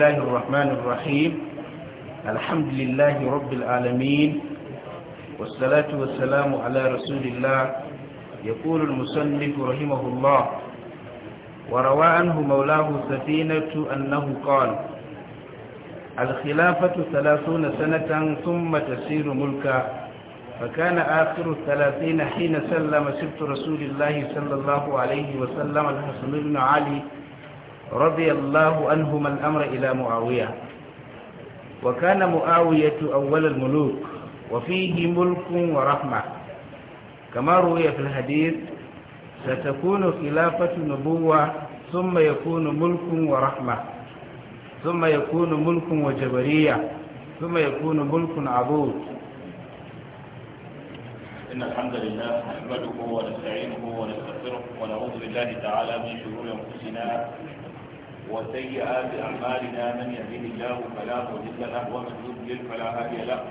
الله الرحمن الرحيم الحمد لله رب العالمين والصلاة والسلام على رسول الله يقول المسلم رحمه الله وروى عنه مولاه سفينة أنه قال الخلافة ثلاثون سنة ثم تسير ملكا فكان آخر الثلاثين حين سلم سبت رسول الله صلى الله عليه وسلم الحسن بن علي رضي الله عنهما الأمر إلى معاوية وكان معاوية أول الملوك وفيه ملك ورحمة كما روي في الحديث ستكون خلافة نبوة ثم يكون ملك ورحمة ثم يكون ملك وجبرية ثم يكون ملك عبود إن الحمد لله نحمده ونستعينه ونستغفره ونعوذ بالله تعالى من شرور أنفسنا وسيئات أعمالنا من يهده الله فلا مضل له ومن يضلل فلا هادي له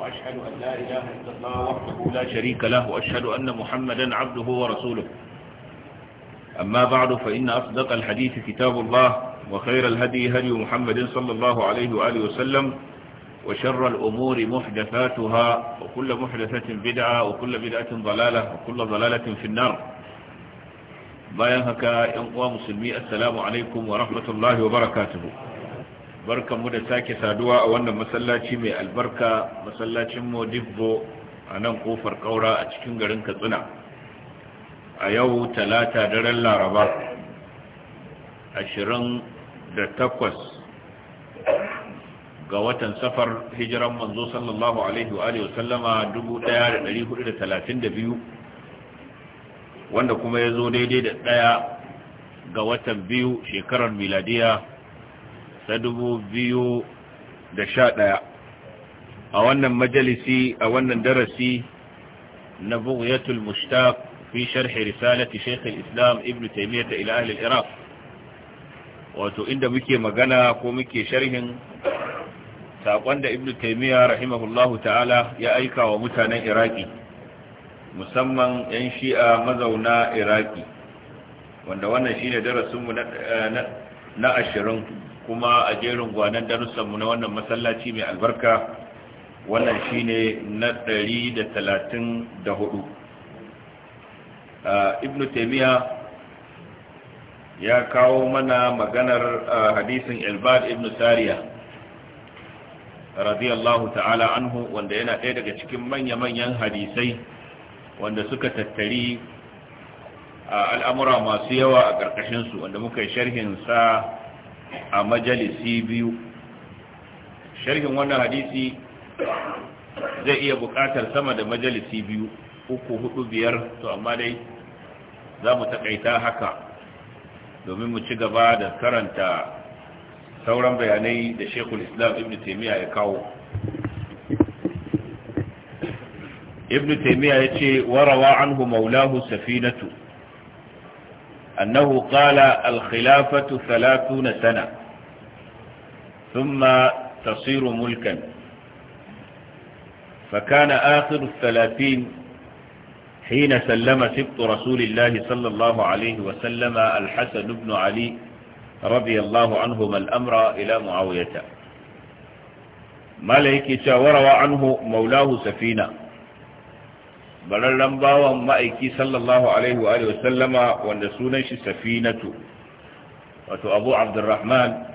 وأشهد أن لا إله إلا الله وحده لا شريك له وأشهد أن محمدا عبده ورسوله أما بعد فإن أصدق الحديث كتاب الله وخير الهدي هدي محمد صلى الله عليه وآله وسلم وشر الأمور محدثاتها وكل محدثة بدعة وكل بدعة ضلالة وكل ضلالة في النار bayan haka yan uwa musulmi assalamu alaikum wa rahmatullahi wa barakatuhu barkanmu da sake saduwa a wannan masallaci mai albarka masallacin modibbo a nan kofar kaura a cikin garin katsina a yau talata daren laraba ashirin da takwas ga watan safar hijiran manzo sallallahu alaihi wa sallama 1432 wanda kuma ya zo daidai da ɗaya ga watan biyu shekarar miladiya ta dubu biyu da sha ɗaya a wannan majalisi a wannan darasi na bughyatul mushtaq fi sharhi risalati shaykh al-islam ibn taymiyyah ila ahli al-iraq wato inda muke magana ko muke sharhin saƙon da ibnu taymiyyah rahimahullahu ta'ala ya aika wa mutanen iraki musamman 'yan shi'a mazauna iraki wanda wannan shine darasinmu eh, na ashirin kuma a jerin gwanon darussanmu na wannan masallaci mai albarka wannan shine na ɗari da talatin da hudu. Eh, ibn taimiyya ya kawo mana maganar eh, hadisin Ilbad ibn sariya radiyallahu ta'ala anhu wanda yana ɗaya daga cikin manya-manyan hadisai wanda suka tattari al'amura masu yawa a ƙarƙashinsu wanda muka yi sharhinsa a majalisi biyu sharhin wannan hadisi zai iya buƙatar sama da majalisi biyu uku hudu biyar to amma dai za mu taƙaita haka domin mu ci gaba da karanta sauran bayanai da shekul islam ibn taimiyya ya kawo ابن تيمية يتي وروا عنه مولاه سفينة أنه قال الخلافة ثلاثون سنة ثم تصير ملكا فكان آخر الثلاثين حين سلم سبط رسول الله صلى الله عليه وسلم الحسن بن علي رضي الله عنهما الأمر إلى معاوية ما لكي تورو عنه مولاه سفينة bararren bawan ma'aiki sallallahu alaihi wa sallama wanda sunan shi safinatu wato abu abdurrahman